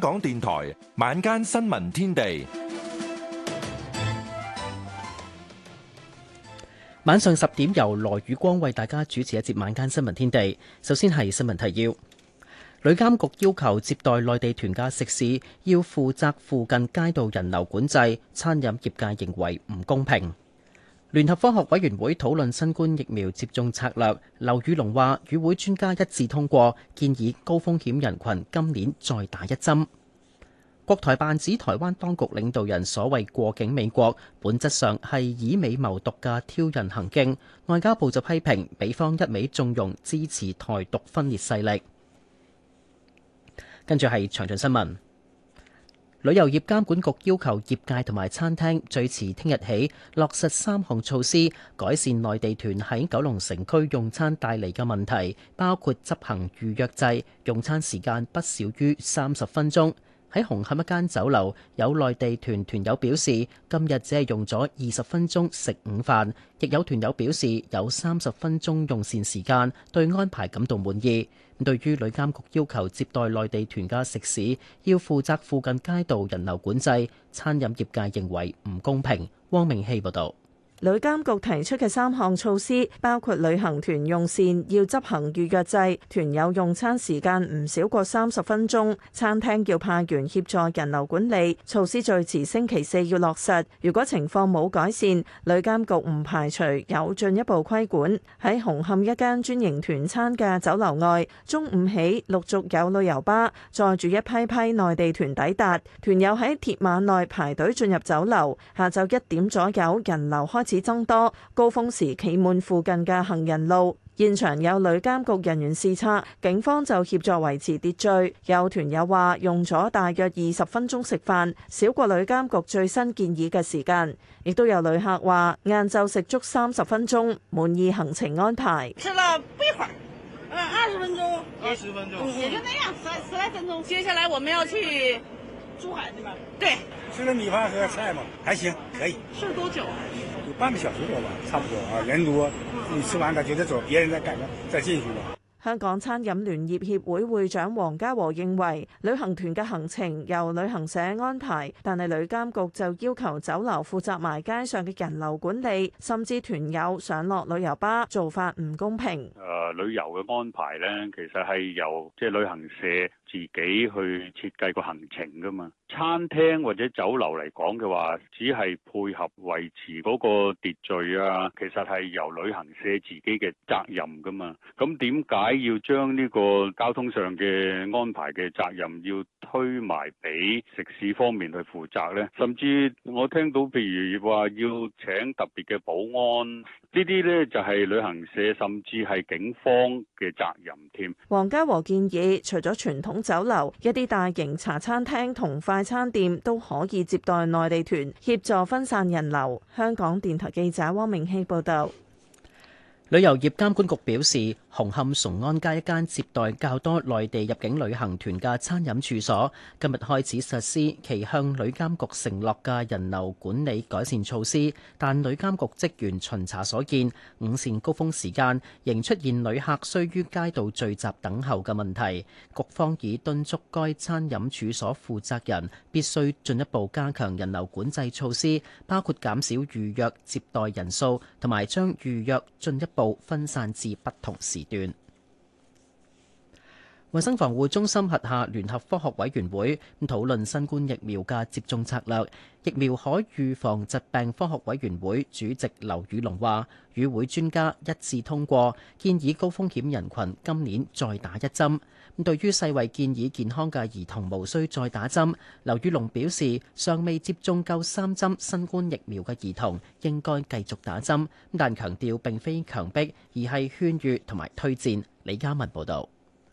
香港電台晚間新聞天地，晚上十點由羅宇光為大家主持一節晚間新聞天地。首先係新聞提要：旅監局要求接待內地團嘅食肆要負責附近街道人流管制，餐飲業界認為唔公平。聯合科學委員會討論新冠疫苗接種策略，劉宇龍話：與會專家一致通過，建議高風險人群今年再打一針。國台辦指台灣當局領導人所謂過境美國，本質上係以美謀獨嘅挑釁行徑。外交部就批評，美方一味縱容支持台獨分裂勢力。跟住係詳盡新聞。旅遊業監管局要求業界同埋餐廳最遲聽日起落實三項措施，改善內地團喺九龍城區用餐帶嚟嘅問題，包括執行預約制、用餐時間不少於三十分鐘。喺紅磡一間酒樓，有內地團團友表示，今日只係用咗二十分鐘食午飯，亦有團友表示有三十分鐘用膳時間，對安排感到滿意。對於旅監局要求接待內地團嘅食肆，要負責附近街道人流管制，餐飲業界認為唔公平。汪明熙報導。旅監局提出嘅三項措施，包括旅行團用膳要執行預約制，團友用餐時間唔少過三十分鐘，餐廳要派員協助人流管理。措施最遲星期四要落實。如果情況冇改善，旅監局唔排除有進一步規管。喺紅磡一間專營團餐嘅酒樓外，中午起陸續有旅遊巴載住一批批內地團抵達，團友喺鐵馬內排隊進入酒樓。下晝一點左右，人流開始此增多，高峰時企滿附近嘅行人路。現場有旅監局人員視察，警方就協助維持秩序。有團友話用咗大約二十分鐘食飯，少過旅監局最新建議嘅時間。亦都有旅客話晏晝食足三十分鐘，滿意行程安排。吃了不一會兒，二十分鐘，二十分鐘，也就那樣，十十來分鐘。接下來我們要去。珠海那邊，對，吃了米飯和菜嘛，還行，可以。吃了多久啊？有半個小時多吧，差不多啊。人多，你吃完了就得走，別人再趕咯，再進去。香港餐飲聯業協會會長黃家和認為，旅行團嘅行程由旅行社安排，但係旅監局就要求酒樓負責埋街上嘅人流管理，甚至團友上落旅遊巴做法唔公平。誒、呃，旅遊嘅安排呢，其實係由即係旅行社。自己去設計個行程噶嘛，餐廳或者酒樓嚟講嘅話只係配合維持嗰個秩序啊。其實，係由旅行社自己嘅責任噶嘛。咁點解要將呢個交通上嘅安排嘅責任要推埋俾食肆方面去負責咧？甚至我聽到譬如話要請特別嘅保安，呢啲咧就係、是、旅行社甚至係警方嘅責任添。黃家和建議除咗傳統。酒樓、一啲大型茶餐廳同快餐店都可以接待內地團，協助分散人流。香港電台記者汪明希報道。旅遊業監管局表示。紅磡崇安街一間接待較多內地入境旅行團嘅餐飲處所，今日開始實施其向旅監局承諾嘅人流管理改善措施，但旅監局職員巡查所見，午膳高峰時間仍出現旅客需於街道聚集等候嘅問題。局方已敦促該餐飲處所負責人必須進一步加強人流管制措施，包括減少預約接待人數，同埋將預約進一步分散至不同時。時段。衛生防護中心轄下聯合科學委員會討論新冠疫苗嘅接種策略。疫苗可預防疾病科學委員會主席劉宇龍話，與會專家一致通過，建議高風險人群今年再打一針。咁對於世衛建議健康嘅兒童無需再打針，劉宇龍表示，尚未接種夠三針新冠疫苗嘅兒童應該繼續打針，但強調並非強迫，而係勸喻同埋推薦。李嘉文報道。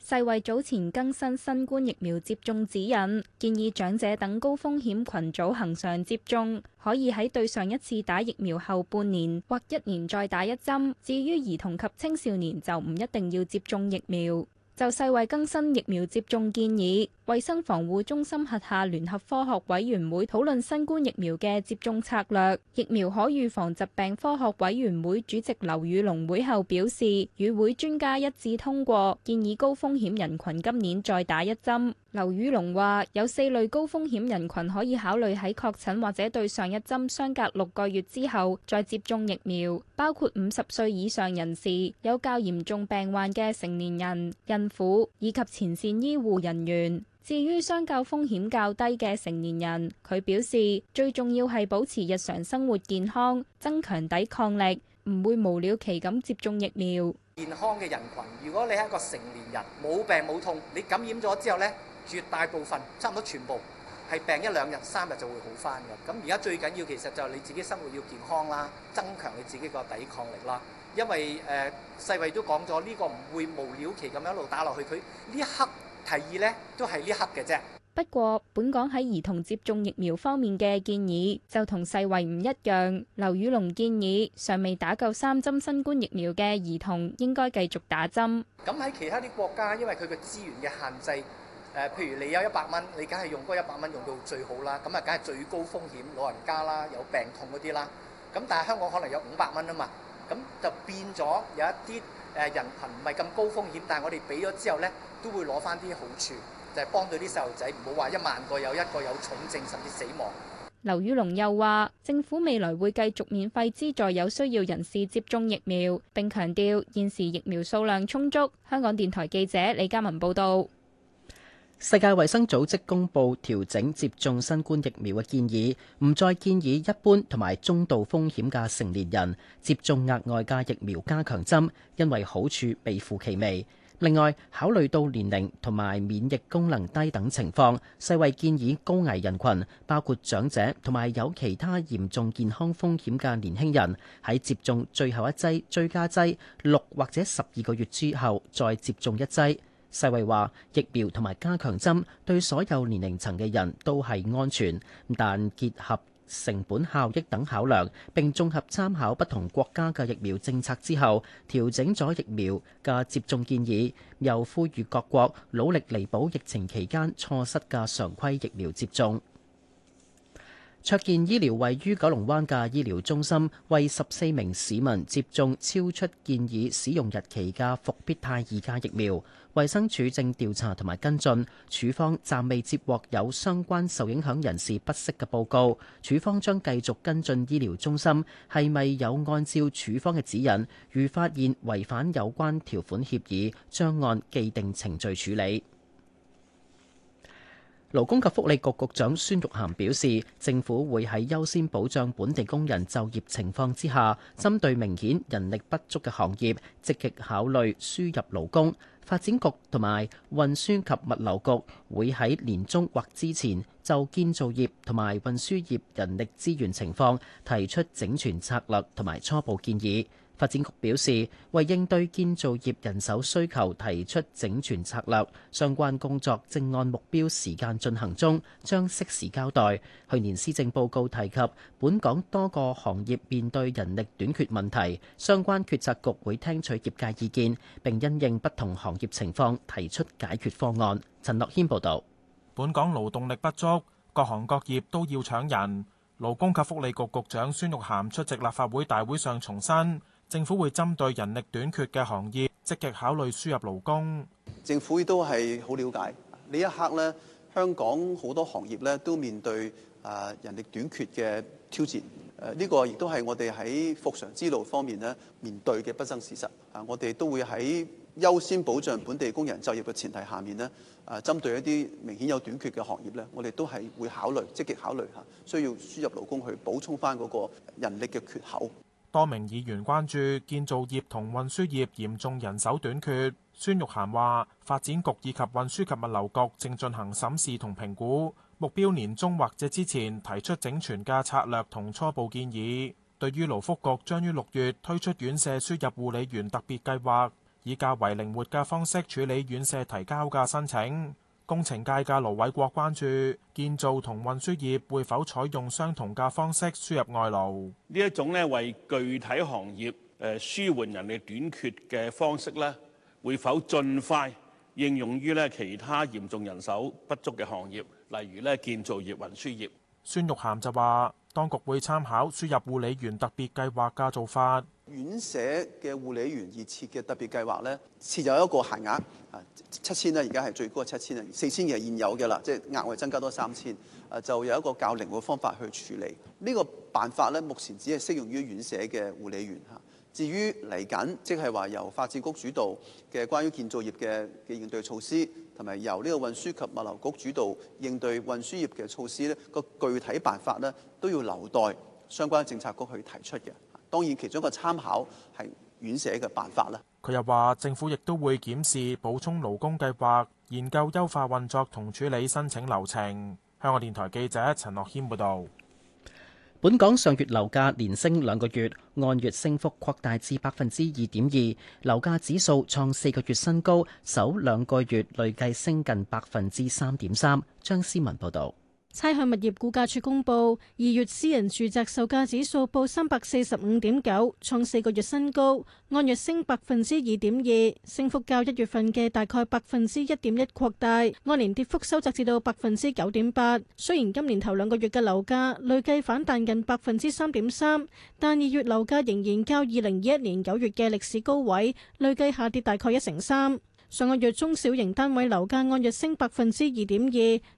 世衛早前更新新冠疫苗接種指引，建議長者等高風險群組恆常接種，可以喺對上一次打疫苗後半年或一年再打一針。至於兒童及青少年就唔一定要接種疫苗。就世衛更新疫苗接種建議。衛生防護中心轄下聯合科學委員會討論新冠疫苗嘅接種策略。疫苗可預防疾病科學委員會主席劉宇龍會後表示，與會專家一致通過，建議高風險人群今年再打一針。劉宇龍話，有四類高風險人群可以考慮喺確診或者對上一針相隔六個月之後再接種疫苗，包括五十歲以上人士、有較嚴重病患嘅成年人、孕婦以及前線醫護人員。至於相提議呢都係呢刻嘅啫。不過，本港喺兒童接種疫苗方面嘅建議就同世衞唔一樣。劉宇龍建議，尚未打夠三針新冠疫苗嘅兒童應該繼續打針。咁喺其他啲國家，因為佢個資源嘅限制，呃，譬如你有一百蚊，你梗係用嗰一百蚊用到最好啦。咁啊，梗係最高風險老人家啦，有病痛嗰啲啦。咁但係香港可能有五百蚊啊嘛，咁就變咗有一啲。誒人羣唔係咁高風險，但係我哋俾咗之後呢，都會攞翻啲好處，就係幫到啲細路仔，唔好話一萬個有一個有重症甚至死亡。劉宇龍又話：政府未來會繼續免費資助有需要人士接種疫苗，並強調現時疫苗數量充足。香港電台記者李嘉文報道。世界衛生組織公布調整接種新冠疫苗嘅建議，唔再建議一般同埋中度風險嘅成年人接種額外嘅疫苗加強針，因為好處微乎其微。另外，考慮到年齡同埋免疫功能低等情況，世衛建議高危人群，包括長者同埋有其他嚴重健康風險嘅年輕人，喺接種最後一劑追加劑六或者十二個月之後再接種一劑。世衛話疫苗同埋加強針對所有年齡層嘅人都係安全，但結合成本效益等考量，並綜合參考不同國家嘅疫苗政策之後，調整咗疫苗嘅接種建議，又呼籲各國努力彌補疫情期間錯失嘅常規疫苗接種。卓健醫療位於九龍灣嘅醫療中心，為十四名市民接種超出建議使用日期嘅復必泰二價疫苗。衛生署正調查同埋跟進，署方暫未接獲有相關受影響人士不適嘅報告。署方將繼續跟進醫療中心，係咪有按照署方嘅指引，如發現違反有關條款協議，將按既定程序處理。勞工及福利局局長孫玉菡表示，政府會喺優先保障本地工人就業情況之下，針對明顯人力不足嘅行業，積極考慮輸入勞工。發展局同埋運輸及物流局會喺年中或之前就建造業同埋運輸業人力資源情況提出整全策略同埋初步建議。發展局表示，為應對建造業人手需求提出整全策略，相關工作正按目標時間進行中，將適時交代。去年施政報告提及，本港多個行業面對人力短缺問題，相關決策局會聽取業界意見，並因應不同行業情況提出解決方案。陳樂謙報道。本港勞動力不足，各行各業都要搶人，勞工及福利局局長孫玉涵出席立法會大會上重申。政府會針對人力短缺嘅行業，積極考慮輸入勞工。政府都係好了解呢一刻咧，香港好多行業咧都面對啊人力短缺嘅挑戰。誒、這、呢個亦都係我哋喺復常之路方面咧面對嘅不爭事實。啊，我哋都會喺優先保障本地工人就業嘅前提下面咧，啊針對一啲明顯有短缺嘅行業咧，我哋都係會考慮積極考慮嚇，需要輸入勞工去補充翻嗰個人力嘅缺口。多名議員關注建造業同運輸業嚴重人手短缺。孫玉菡話：發展局以及運輸及物流局正進行審視同評估，目標年中或者之前提出整全嘅策略同初步建議。對於勞福局將於六月推出院舍輸入護理員特別計劃，以較為靈活嘅方式處理院舍提交嘅申請。工程界嘅盧偉國關注建造同運輸業會否採用相同嘅方式輸入外勞？呢一種咧為具體行業誒舒緩人力短缺嘅方式咧，會否盡快應用於咧其他嚴重人手不足嘅行業，例如咧建造業、運輸業？孫玉菡就話。當局會參考輸入護理員特別計劃嘅做法，院舍嘅護理員而設嘅特別計劃咧，設有一個限額，啊七千啦，而家係最高七千啦，四千嘅係現有嘅啦，即係額外增加多三千，啊就有一個較靈活方法去處理呢、呢個辦法咧，目前只係適用於院舍嘅護理員嚇。至於嚟緊，即係話由發展局主導嘅關於建造業嘅嘅應對措施，同埋由呢個運輸及物流局主導應對運輸業嘅措施咧，個具體辦法咧都要留待相關政策局去提出嘅。當然，其中一個參考係院舍嘅辦法啦。佢又話，政府亦都會檢視補充勞工計劃，研究優化運作同處理申請流程。香港電台記者陳樂軒報道。本港上月樓價連升兩個月，按月升幅擴大至百分之二點二，樓價指數創四個月新高，首兩個月累計升近百分之三點三。張思文報導。差餉物業估價署公佈，二月私人住宅售價指數報三百四十五點九，創四個月新高，按月升百分之二點二，升幅較一月份嘅大概百分之一點一擴大，按年跌幅收窄至到百分之九點八。雖然今年頭兩個月嘅樓價累計反彈近百分之三點三，但二月樓價仍然較二零二一年九月嘅歷史高位累計下跌大概一成三。上個月中小型單位樓價按月升百分之二點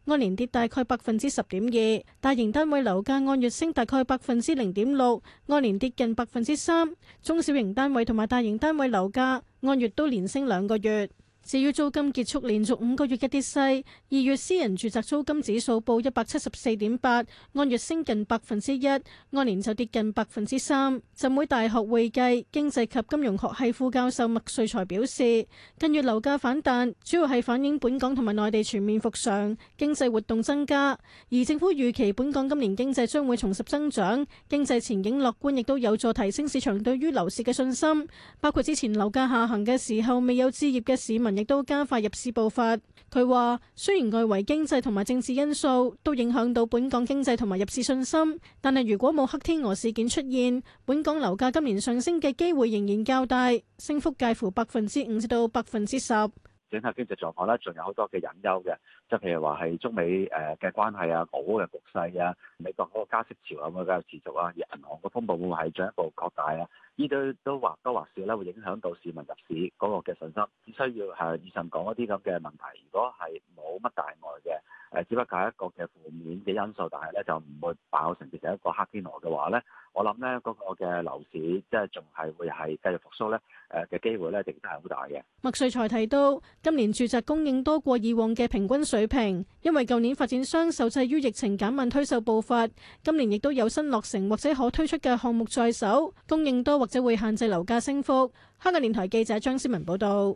二，按年跌大概百分之十點二；大型單位樓價按月升大概百分之零點六，按年跌近百分之三；中小型單位同埋大型單位樓價按月都連升兩個月。至於租金結束連續五個月嘅跌勢，二月私人住宅租，租金指數報一百七十四點八，按月升近百分之一，按年就跌近百分之三。浸會大學會計經濟及金融學系副教授麥瑞才表示，近月樓價反彈，主要係反映本港同埋內地全面復常，經濟活動增加。而政府預期本港今年經濟將會重拾增長，經濟前景樂觀，亦都有助提升市場對於樓市嘅信心。包括之前樓價下行嘅時候，未有置業嘅市民。亦都加快入市步伐。佢話，雖然外圍經濟同埋政治因素都影響到本港經濟同埋入市信心，但係如果冇黑天鵝事件出現，本港樓價今年上升嘅機會仍然較大，升幅介乎百分之五至到百分之十。整個經濟狀況咧，仲有好多嘅隱憂嘅，即譬如話係中美誒嘅關係啊、俄烏嘅局勢啊、美國嗰個加息潮會唔會繼續持續啊、而銀行個風暴會唔會係進一步擴大啊？呢啲都或多或少咧，會影響到市民入市嗰個嘅信心。只需要係以上講一啲咁嘅問題，如果係冇乜大礙嘅。誒，只不過係一個嘅負面嘅因素，但係咧就唔會爆成變成一個黑天鵝嘅話咧，我諗咧嗰個嘅樓市即係仲係會係繼續復甦咧，誒嘅機會咧仍然都係好大嘅。麥瑞才提到，今年住宅供應多過以往嘅平均水平，因為舊年發展商受制於疫情減慢推售步伐，今年亦都有新落成或者可推出嘅項目在手，供應多或者會限制樓價升幅。香港電台記者張思文報道。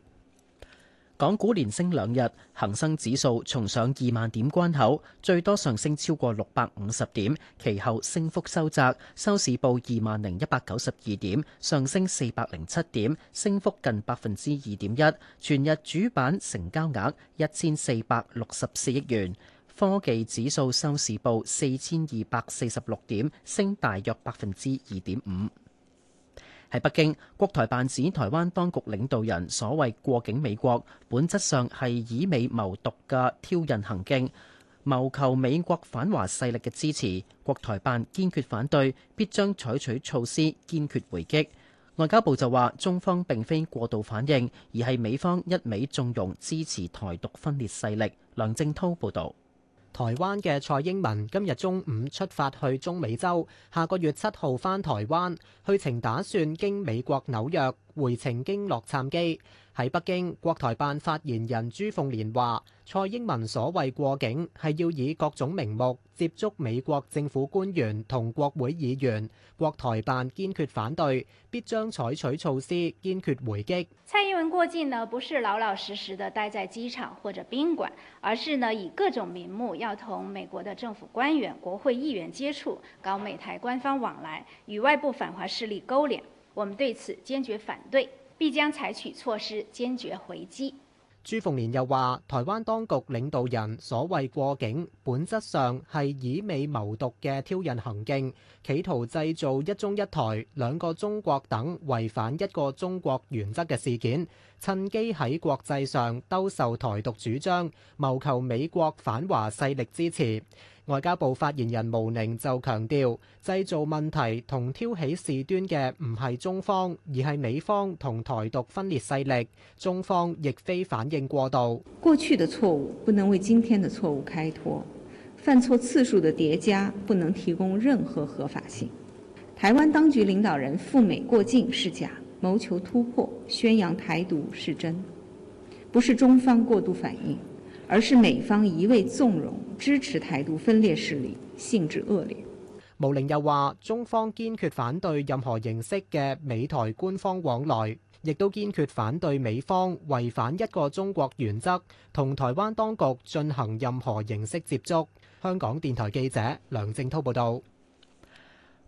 港股連升兩日，恒生指數重上二萬點關口，最多上升超過六百五十點，其後升幅收窄，收市報二萬零一百九十二點，上升四百零七點，升幅近百分之二點一。全日主板成交額一千四百六十四億元，科技指數收市報四千二百四十六點，升大約百分之二點五。喺北京，國台辦指台灣當局領導人所謂過境美國，本質上係以美謀獨嘅挑釁行徑，謀求美國反華勢力嘅支持。國台辦堅決反對，必將採取措施，堅決回擊。外交部就話，中方並非過度反應，而係美方一味縱容支持台獨分裂勢力。梁正滔報導。台灣嘅蔡英文今日中午出發去中美洲，下個月七號返台灣。去程打算經美國紐約，回程經洛杉磯。喺北京，國台辦發言人朱鳳蓮話：蔡英文所謂過境係要以各種名目接觸美國政府官員同國會議員，國台辦堅決反對，必將採取措施堅決回擊。蔡英文過境呢，不是老老實實地待在機場或者賓館，而是呢以各種名目要同美國的政府官員、國會議員接觸，搞美台官方往來，與外部反華勢力勾連。我們對此堅決反對。必將採取措施，堅決回擊。朱鳳蓮又話，台灣當局領導人所謂過境，本質上係以美謀獨嘅挑釁行徑，企圖製造一中一台、兩個中國等違反一個中國原則嘅事件，趁機喺國際上兜售台獨主張，謀求美國反華勢力支持。外交部發言人毛寧就強調，製造問題同挑起事端嘅唔係中方，而係美方同台獨分裂勢力。中方亦非反應過度。過去的錯誤不能為今天的錯誤開脱，犯錯次數的疊加不能提供任何合法性。台灣當局領導人赴美過境是假，謀求突破、宣揚台獨是真，不是中方過度反應，而是美方一味縱容、支持台獨分裂勢力，性質惡劣。毛寧又話：中方堅決反對任何形式嘅美台官方往來，亦都堅決反對美方違反一個中國原則同台灣當局進行任何形式接觸，香港電台記者梁正濤報道。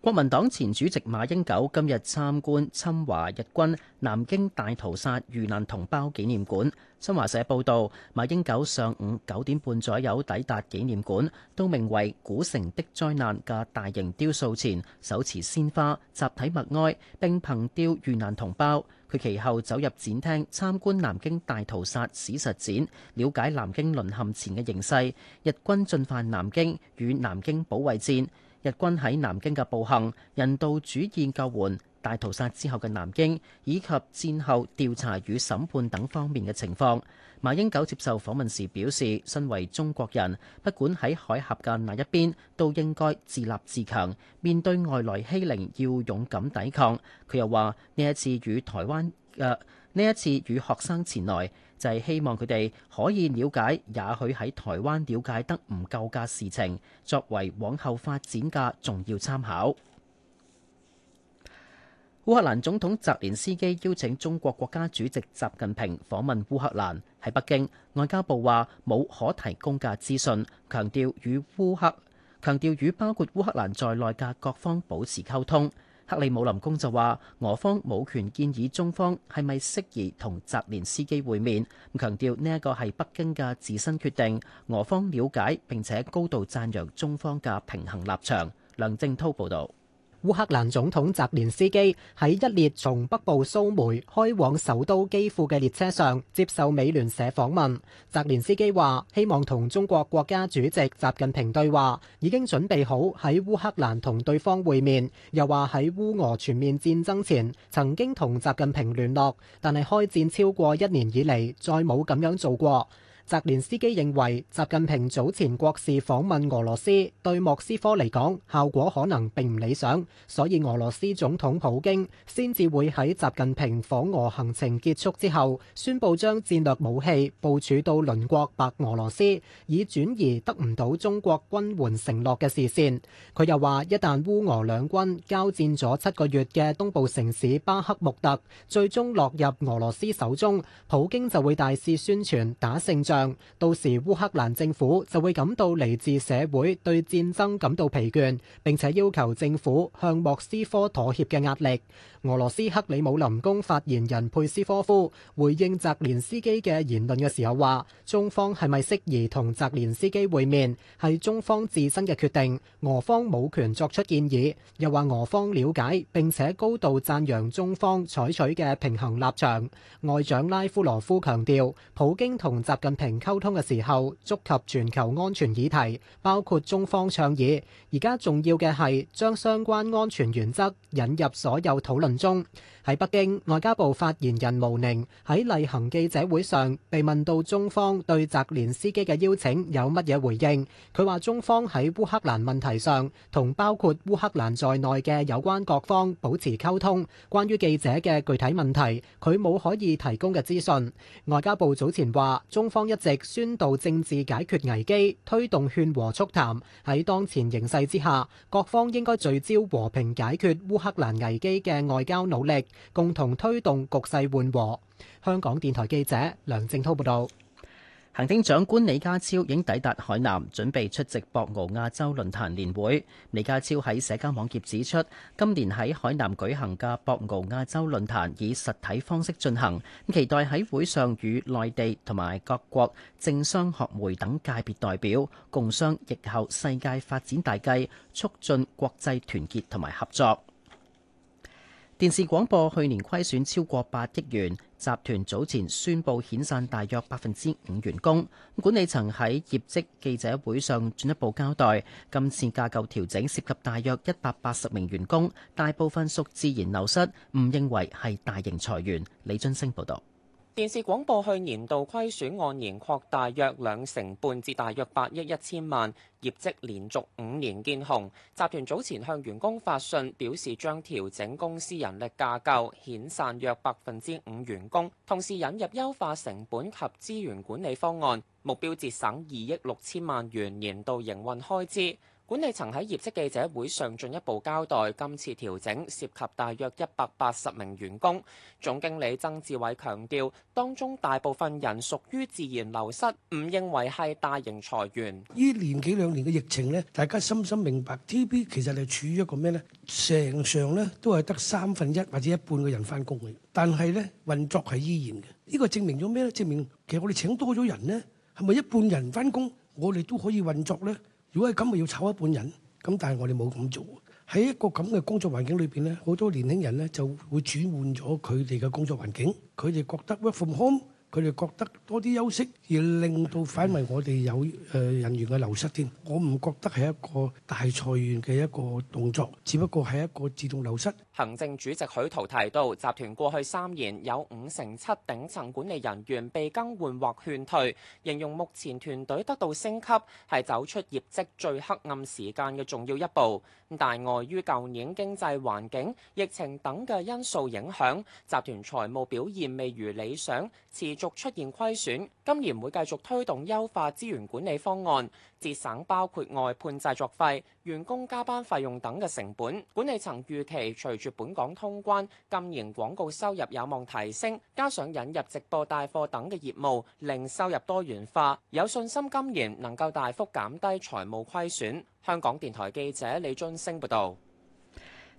國民黨前主席馬英九今日參觀侵華日軍南京大屠殺遇難同胞紀念館。新華社報導，馬英九上午九點半左右抵達紀念館，都名為古城的災難嘅大型雕塑前，手持鮮花，集體默哀並憑弔遇難同胞。佢其後走入展廳參觀南京大屠殺史實展，了解南京淪陷前嘅形勢、日軍進犯南京與南京保衛戰。日軍喺南京嘅暴行、人道主義救援、大屠殺之後嘅南京，以及戰後調查與審判等方面嘅情況。馬英九接受訪問時表示，身為中國人，不管喺海峽嘅哪一邊，都應該自立自強，面對外來欺凌要勇敢抵抗。佢又話，呢一次與台灣呃，呢一次與學生前來。就係希望佢哋可以了解，也許喺台灣了解得唔夠嘅事情，作為往後發展嘅重要參考。烏克蘭總統澤連斯基邀請中國國家主席習近平訪問烏克蘭，喺北京，外交部話冇可提供嘅資訊，強調與烏克，強調與包括烏克蘭在內嘅各方保持溝通。克里姆林宮就話，俄方冇權建議中方係咪適宜同澤連斯基會面，強調呢一個係北京嘅自身決定，俄方了解並且高度讚揚中方嘅平衡立場。梁正濤報道。烏克蘭總統澤連斯基喺一列從北部蘇梅開往首都基輔嘅列車上接受美聯社訪問。澤連斯基話希望同中國國家主席習近平對話，已經準備好喺烏克蘭同對方會面，又話喺烏俄全面戰爭前曾經同習近平聯絡，但係開戰超過一年以嚟再冇咁樣做過。澤連斯基認為，習近平早前國事訪問俄羅斯，對莫斯科嚟講效果可能並唔理想，所以俄羅斯總統普京先至會喺習近平訪俄行程結束之後，宣布將戰略武器部署到鄰國白俄羅斯，以轉移得唔到中國軍援承諾嘅視線。佢又話，一旦烏俄兩軍交戰咗七個月嘅東部城市巴克穆特，最終落入俄羅斯手中，普京就會大肆宣傳打勝仗。到時烏克蘭政府就會感到嚟自社會對戰爭感到疲倦，並且要求政府向莫斯科妥協嘅壓力。俄羅斯克里姆林宮發言人佩斯科夫回應澤連斯基嘅言論嘅時候話，中方係咪適宜同澤連斯基會面，係中方自身嘅決定，俄方冇權作出建議。又話俄方了解並且高度讚揚中方採取嘅平衡立場。外長拉夫羅夫強調，普京同習近平溝通嘅時候觸及全球安全議題，包括中方倡議。而家重要嘅係將相關安全原則引入所有討論。中喺北京，外交部發言人毛寧喺例行記者會上被問到中方對澤連斯基嘅邀請有乜嘢回應，佢話中方喺烏克蘭問題上同包括烏克蘭在內嘅有關各方保持溝通。關於記者嘅具體問題，佢冇可以提供嘅資訊。外交部早前話，中方一直宣導政治解決危機，推動勸和促談。喺當前形勢之下，各方應該聚焦和平解決烏克蘭危機嘅外外交努力，共同推動局勢緩和。香港電台記者梁正滔報導，行政長官李家超已經抵達海南，準備出席博鰲亞洲論壇年會。李家超喺社交網頁指出，今年喺海南舉行嘅博鰲亞洲論壇以實體方式進行，咁期待喺會上與內地同埋各國政商學媒等界別代表共商疫後世界發展大計，促進國際團結同埋合作。電視廣播去年虧損超過八億元，集團早前宣布遣散大約百分之五員工。管理層喺業績記者會上進一步交代，今次架構調整涉及大約一百八十名員工，大部分屬自然流失，唔認為係大型裁員。李俊升報道。電視廣播去年度虧損按年擴大約兩成半至大約八億一千萬，業績連續五年見紅。集團早前向員工發信表示，將調整公司人力架構，遣散約百分之五員工，同時引入優化成本及資源管理方案，目標節省二億六千萬元年度營運開支。管理層喺業績記者會上進一步交代，今次調整涉及大約一百八十名員工。總經理曾志偉強調，當中大部分人屬於自然流失，唔認為係大型裁員。呢年幾兩年嘅疫情呢，大家深深明白，TVB 其實係處於一個咩呢？成上咧都係得三分一或者一半嘅人翻工嘅，但係咧運作係依然嘅。呢、這個證明咗咩咧？證明其實我哋請多咗人呢，係咪一半人翻工，我哋都可以運作呢。如果係咁，咪要炒一半人。咁但係我哋冇咁做喎。喺一個咁嘅工作環境裏面，呢好多年輕人呢就會轉換咗佢哋嘅工作環境。佢哋覺得 working from home，佢哋覺得多啲休息，而令到反為我哋有人員嘅流失。我唔覺得係一個大裁員嘅一個動作，只不過係一個自動流失。行政主席許濤提到，集團過去三年有五成七頂層管理人員被更換或勸退，形容目前團隊得到升級係走出業績最黑暗時間嘅重要一步。但礙於舊年經濟環境、疫情等嘅因素影響，集團財務表現未如理想，持續出現虧損。今年會繼續推動優化資源管理方案，節省包括外判製作費、員工加班費用等嘅成本。管理層預期隨住本港通關，今年廣告收入有望提升，加上引入直播帶貨等嘅業務，令收入多元化，有信心今年能夠大幅減低財務虧損。香港電台記者李津升報道。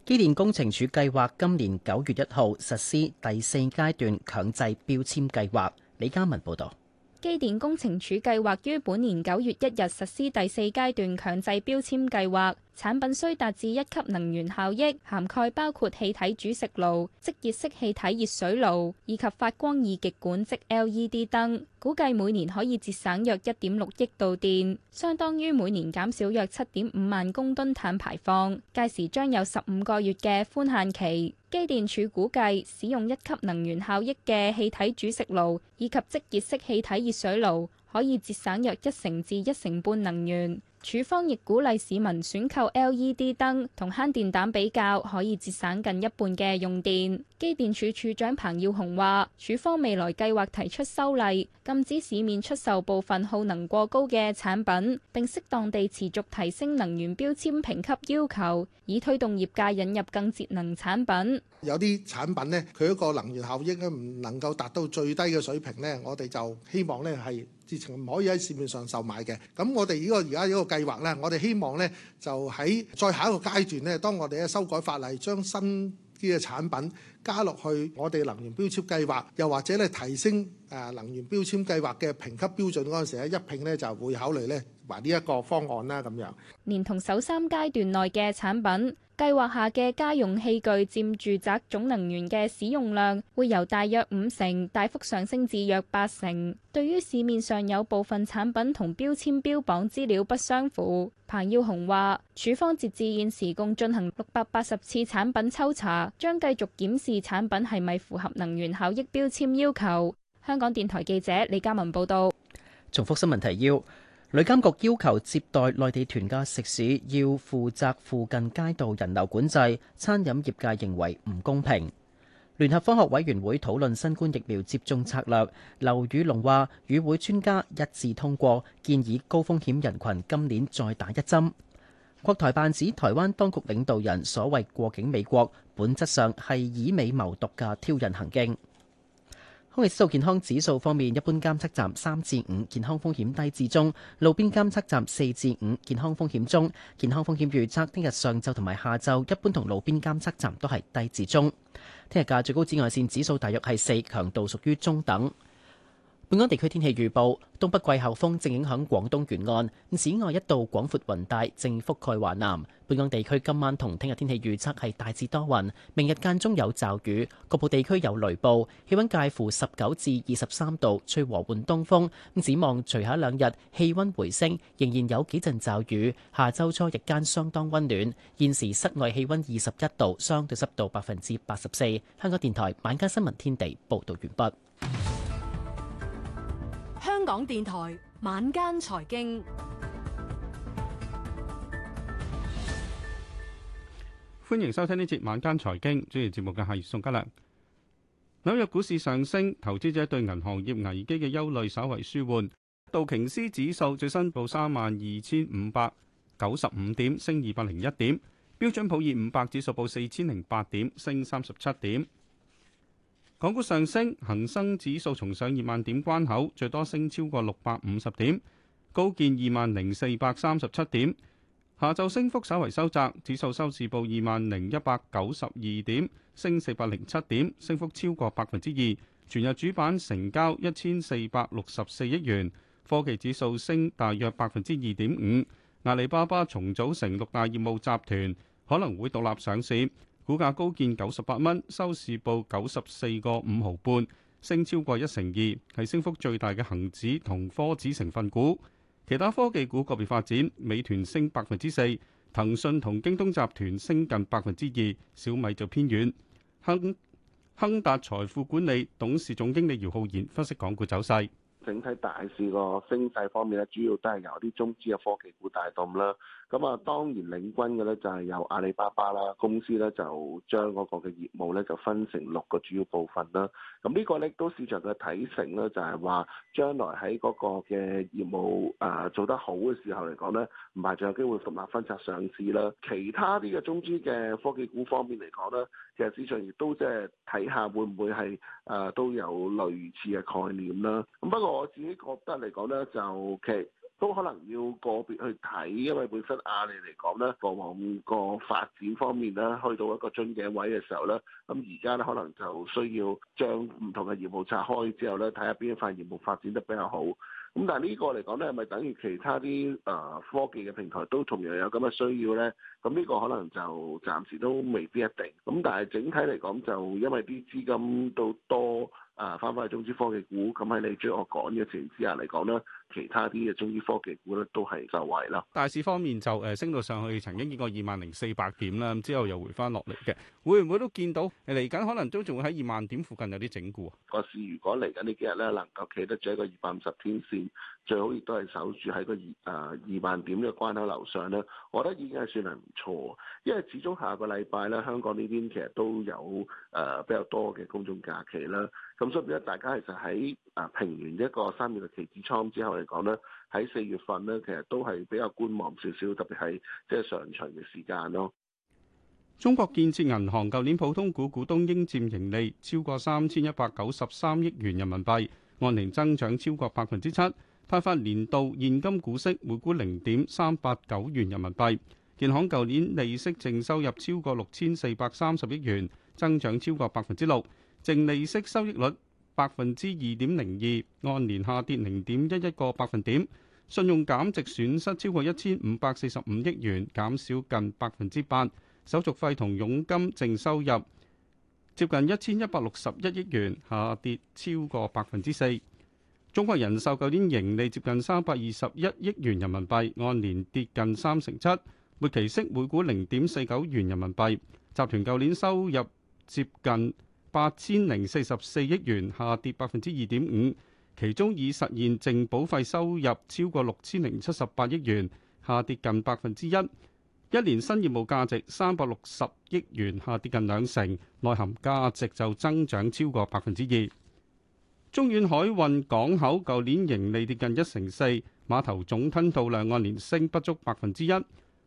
機電工程署計劃今年九月一號實施第四階段強制標籤計劃。李嘉文報道。機電工程署計劃於本年九月一日實施第四階段強制標籤計劃。產品需達至一級能源效益，涵蓋包括氣體煮食爐、即熱式氣體熱水爐以及發光二極管即 LED 燈。估計每年可以節省約一點六億度電，相當於每年減少約七點五萬公噸碳排放。屆時將有十五個月嘅寬限期。機電署估計，使用一級能源效益嘅氣體煮食爐以及即熱式氣體熱水爐，可以節省約一成至一成半能源。署方亦鼓勵市民選購 LED 燈，同慳電膽比較，可以節省近一半嘅用電。機電署署長彭耀雄話，署方未來計劃提出修例，禁止市面出售部分耗能過高嘅產品，並適當地持續提升能源標籤評級要求，以推動業界引入更節能產品。有啲產品呢，佢一個能源效益咧，唔能夠達到最低嘅水平呢，我哋就希望呢係。自從唔可以喺市面上售賣嘅，咁我哋呢個而家呢個計劃呢，我哋希望呢就喺再下一個階段呢，當我哋喺修改法例，將新啲嘅產品加落去我哋能源標籤計劃，又或者咧提升誒能源標籤計劃嘅評級標準嗰陣時咧，一拼呢就會考慮呢埋呢一個方案啦，咁樣連同首三階段內嘅產品計劃下嘅家用器具佔住宅總能源嘅使用量，會由大約五成大幅上升至約八成。對於市面上有部分產品同標籤標榜資料不相符，彭耀雄話，署方截至現時共進行六百八十次產品抽查，將繼續檢視產品係咪符合能源效益標籤要求。香港電台記者李嘉文報道。重複新聞提要。旅監局要求接待內地團嘅食肆要負責附近街道人流管制，餐飲業界認為唔公平。聯合科學委員會討論新冠疫苗接種策略，劉宇龍話：與會專家一致通過，建議高風險人群今年再打一針。國台辦指台灣當局領導人所謂過境美國，本質上係以美謀獨嘅挑釁行徑。空氣質素健康指數方面，一般監測站三至五，健康風險低至中；路邊監測站四至五，健康風險中。健康風險預測聽日上晝同埋下晝，一般同路邊監測站都係低至中。聽日嘅最高紫外線指數大約係四，強度屬於中等。本港地區天氣預報：東北季候風正影響廣東沿岸，此外一道廣闊雲帶正覆蓋華南。本港地區今晚同聽日天氣預測係大致多雲，明日間中有驟雨，局部地區有雷暴。氣溫介乎十九至二十三度，吹和緩東風。咁展望，隨後兩日氣溫回升，仍然有幾陣驟雨。下週初日間相當溫暖。現時室外氣溫二十一度，相對濕度百分之八十四。香港電台晚間新聞天地報道完畢。香港電台晚間財經，歡迎收聽呢節晚間財經，主持節目嘅係宋嘉良。紐約股市上升，投資者對銀行業危機嘅憂慮稍為舒緩。道瓊斯指數最新報三萬二千五百九十五點，升二百零一點。標準普爾五百指數報四千零八點，升三十七點。港股上升，恒生指數重上二萬點關口，最多升超過六百五十點，高見二萬零四百三十七點。下晝升幅稍為收窄，指數收市報二萬零一百九十二點，升四百零七點，升幅超過百分之二。全日主板成交一千四百六十四億元，科技指數升大約百分之二點五。阿里巴巴重組成六大業務集團，可能會獨立上市。股價高見九十八蚊，收市報九十四個五毫半，升超過一成二，係升幅最大嘅恒指同科指成分股。其他科技股個別發展，美團升百分之四，騰訊同京東集團升近百分之二，小米就偏軟。亨亨達財富管理董事總經理姚浩然分析港股走勢。整體大市個升勢方面咧，主要都係由啲中資嘅科技股帶動啦。咁啊，當然領軍嘅咧就係由阿里巴巴啦，公司咧就將嗰個嘅業務咧就分成六個主要部分啦。咁呢個咧都市場嘅睇成咧就係話，將來喺嗰個嘅業務誒做得好嘅時候嚟講咧，唔係仲有機會同埋分拆上市啦。其他啲嘅中資嘅科技股方面嚟講咧，其實市場亦都即係睇下會唔會係誒都有類似嘅概念啦。咁不過我自己覺得嚟講咧就其。都可能要個別去睇，因為本身阿里嚟講咧，過往個發展方面咧，去到一個樽頸位嘅時候咧，咁而家咧可能就需要將唔同嘅業務拆開之後咧，睇下邊一塊業務發展得比較好。咁但係呢個嚟講咧，係咪等於其他啲啊科技嘅平台都同樣有咁嘅需要咧？咁呢個可能就暫時都未必一定。咁但係整體嚟講，就因為啲資金都多啊，翻翻去中資科技股，咁喺你追我趕嘅情形之下嚟講咧。其他啲嘅中醫科技股咧都係受惠啦。大市方面就誒、呃、升到上去，曾經見過二萬零四百點啦，之後又回翻落嚟嘅。會唔會都見到嚟緊可能都仲會喺二萬點附近有啲整固啊。個市如果嚟緊呢幾日咧能夠企得住一個二百五十天線，最好亦都係守住喺個二啊二萬點嘅關口樓上咧，我覺得已經係算係唔錯。因為始終下個禮拜咧，香港呢邊其實都有誒、呃、比較多嘅公眾假期啦。咁所以大家其實喺啊、呃、平完一個三月嘅期指倉之後，嚟講呢喺四月份呢，其實都係比較觀望少少，特別係即係上場嘅時間咯。中國建設銀行舊年普通股股東應佔盈利超過三千一百九十三億元人民幣，按年增長超過百分之七，派發年度現金股息每股零點三八九元人民幣。建行舊年利息淨收入超過六千四百三十億元，增長超過百分之六，淨利息收益率百分之二點零二，按年下跌零點一一個百分點。信用減值損失超過一千五百四十五億元，減少近百分之八。手續費同佣金淨收入接近一千一百六十一億元，下跌超過百分之四。中國人壽舊年盈利接近三百二十一億元人民幣，按年跌近三成七，末期息每股零點四九元人民幣。集團舊年收入接近，八千零四十四億元，下跌百分之二點五，其中已實現淨保費收入超過六千零七十八億元，下跌近百分之一。一年新業務價值三百六十億元，下跌近兩成，內含價值就增長超過百分之二。中遠海運港口舊年盈利跌近一成四，碼頭總吞吐量按年升不足百分之一。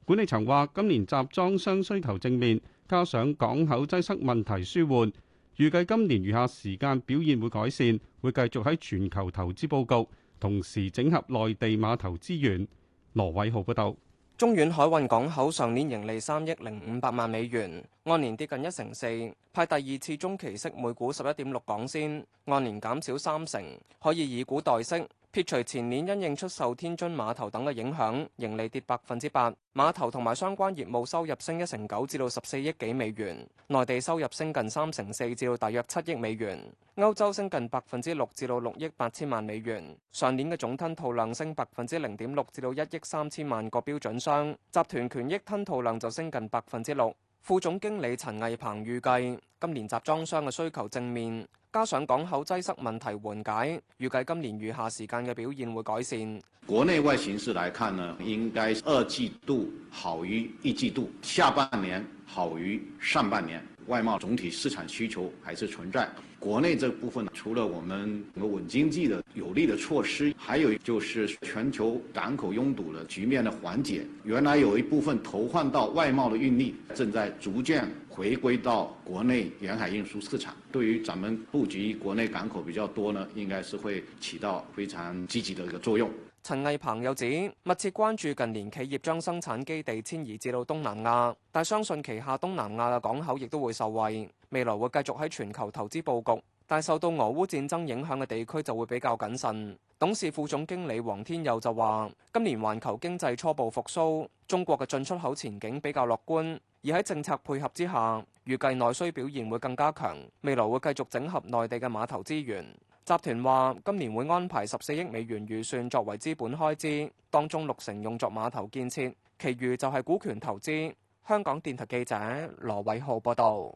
管理層話今年集裝箱需求正面，加上港口擠塞問題舒緩。預計今年餘下時間表現會改善，會繼續喺全球投資報告，同時整合內地碼頭資源。羅偉豪報導，中遠海運港口上年盈利三億零五百萬美元，按年跌近一成四，派第二次中期息每股十一點六港仙，按年減少三成，可以以股代息。撇除前年因應出售天津碼頭等嘅影響，盈利跌百分之八，碼頭同埋相關業務收入升一成九，至到十四億幾美元；內地收入升近三成四，至到大約七億美元；歐洲升近百分之六，至到六億八千萬美元。上年嘅總吞吐量升百分之零點六，至到一億三千萬個標準箱。集團權益吞吐量就升近百分之六。副總經理陳毅鵬預計，今年集裝箱嘅需求正面。加上港口擠塞問題緩解，預計今年餘下時間嘅表現會改善。國內外形勢來看呢，應該二季度好於一季度，下半年好於上半年。外貿總體市場需求還是存在。國內這部分，除了我們整個穩經濟的有力的措施，還有就是全球港口擁堵的局面的緩解。原來有一部分投放到外貿的運力，正在逐漸回歸到國內沿海運輸市場。對於咱們佈局國內港口比較多呢，應該是會起到非常積極的一個作用。陳毅鵬又指，密切關注近年企業將生產基地遷移至到東南亞，但相信旗下東南亞嘅港口亦都會受惠。未來會繼續喺全球投資佈局，但受到俄烏戰爭影響嘅地區就會比較謹慎。董事副總經理黃天佑就話，今年環球經濟初步復甦，中國嘅進出口前景比較樂觀，而喺政策配合之下，預計內需表現會更加強。未來會繼續整合內地嘅碼頭資源。集團話今年會安排十四億美元預算作為資本開支，當中六成用作碼頭建設，其餘就係股權投資。香港電台記者羅偉浩報道。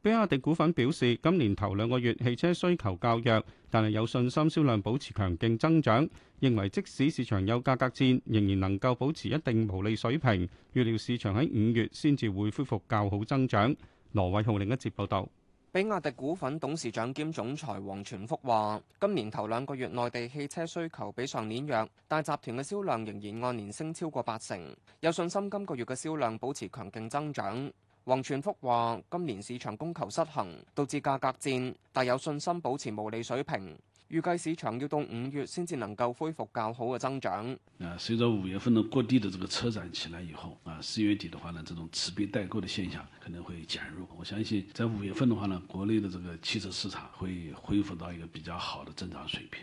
比亞迪股份表示，今年頭兩個月汽車需求較弱，但係有信心銷量保持強勁增長。認為即使市場有價格戰，仍然能夠保持一定毛利水平。預料市場喺五月先至會恢復較好增長。羅偉浩另一節報道。比亞迪股份董事長兼總裁王傳福話：今年頭兩個月內地汽車需求比上年弱，但集團嘅銷量仍然按年升超過八成，有信心今個月嘅銷量保持強勁增長。黃全福話：今年市場供求失衡，導致價格戰，但有信心保持毛利水平。預計市場要到五月先至能夠恢復較好嘅增長。啊，隨着五月份的各地的這個車展起來以後，啊，四月底的話呢，這種持幣代購的現象可能會減弱。我相信在五月份的話呢，國內的這個汽車市場會恢復到一個比較好的增長水平。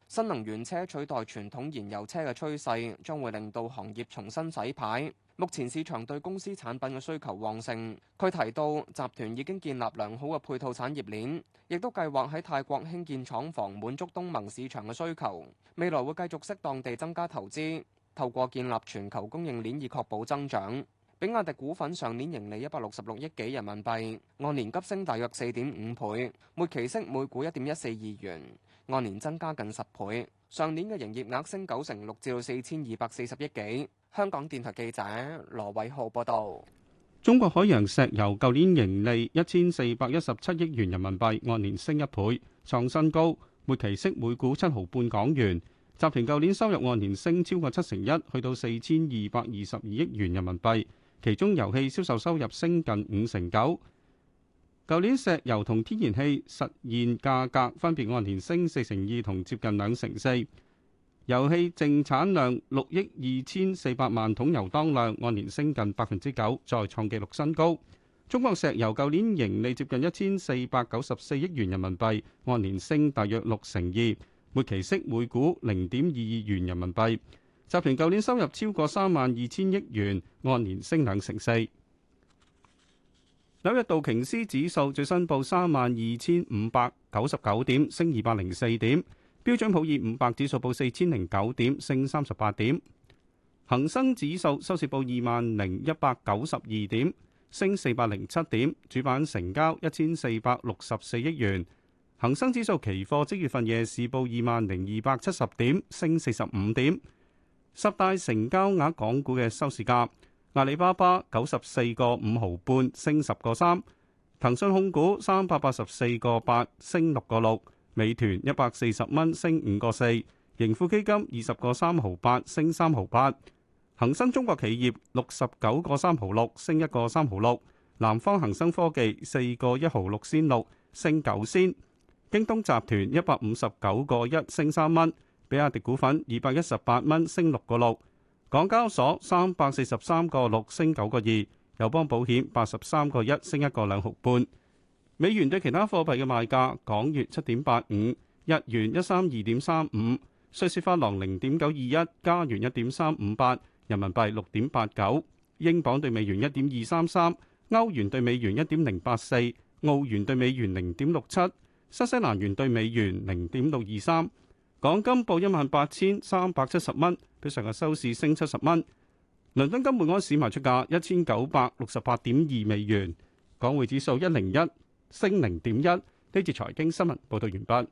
新能源車取代傳統燃油車嘅趨勢，將會令到行業重新洗牌。目前市場對公司產品嘅需求旺盛。佢提到，集團已經建立良好嘅配套產業鏈，亦都計劃喺泰國興建廠房，滿足東盟市場嘅需求。未來會繼續適當地增加投資，透過建立全球供應鏈以確保增長。比亞迪股份上年盈利一百六十六億幾人民幣，按年急升大約四點五倍，末期息每股一點一四二元。按年增加近十倍，上年嘅營業額升九成六，至四千二百四十億幾，香港電台記者羅偉浩報道。中國海洋石油舊年盈利一千四百一十七億元人民幣，按年升一倍，創新高，末期息每股七毫半港元。集團舊年收入按年升超過七成一，去到四千二百二十二億元人民幣，其中油氣銷售收入升近五成九。舊年石油同天然氣實現價格分別按年升四成二同接近兩成四，油氣淨產量六億二千四百萬桶油當量，按年升近百分之九，再創紀錄新高。中國石油舊年盈利接近一千四百九十四億元人民幣，按年升大約六成二，末期息每股零點二二元人民幣。集團舊年收入超過三萬二千億元，按年升兩成四。紐約道瓊斯指數最新報三萬二千五百九十九點，升二百零四點；標準普爾五百指數報四千零九點，升三十八點；恒生指數收市報二萬零一百九十二點，升四百零七點；主板成交一千四百六十四億元；恒生指數期貨即月份夜市報二萬零二百七十點，升四十五點；十大成交額港股嘅收市價。阿里巴巴九十四個五毫半，升十個三；騰訊控股三百八十四個八，升六個六；美團一百四十蚊，升五個四；盈富基金二十個三毫八，升三毫八；恒生中國企業六十九個三毫六，升一個三毫六；南方恒生科技四個一毫六仙六，升九仙；京東集團一百五十九個一，升三蚊；比亞迪股份二百一十八蚊，升六個六。港交所三百四十三個六，升九個二，友邦保險八十三個一，升一個兩毫半。美元對其他貨幣嘅賣價，港元七點八五，日元一三二點三五，瑞士法郎零點九二一，加元一點三五八，人民幣六點八九，英鎊對美元一點二三三，歐元對美元一點零八四，澳元對美元零點六七，新西蘭元對美元零點六二三。港金報一萬八千三百七十蚊，比上日收市升七十蚊。倫敦金每安士賣出價一千九百六十八點二美元。港匯指數一零一，升零點一。呢節財經新聞報道完畢。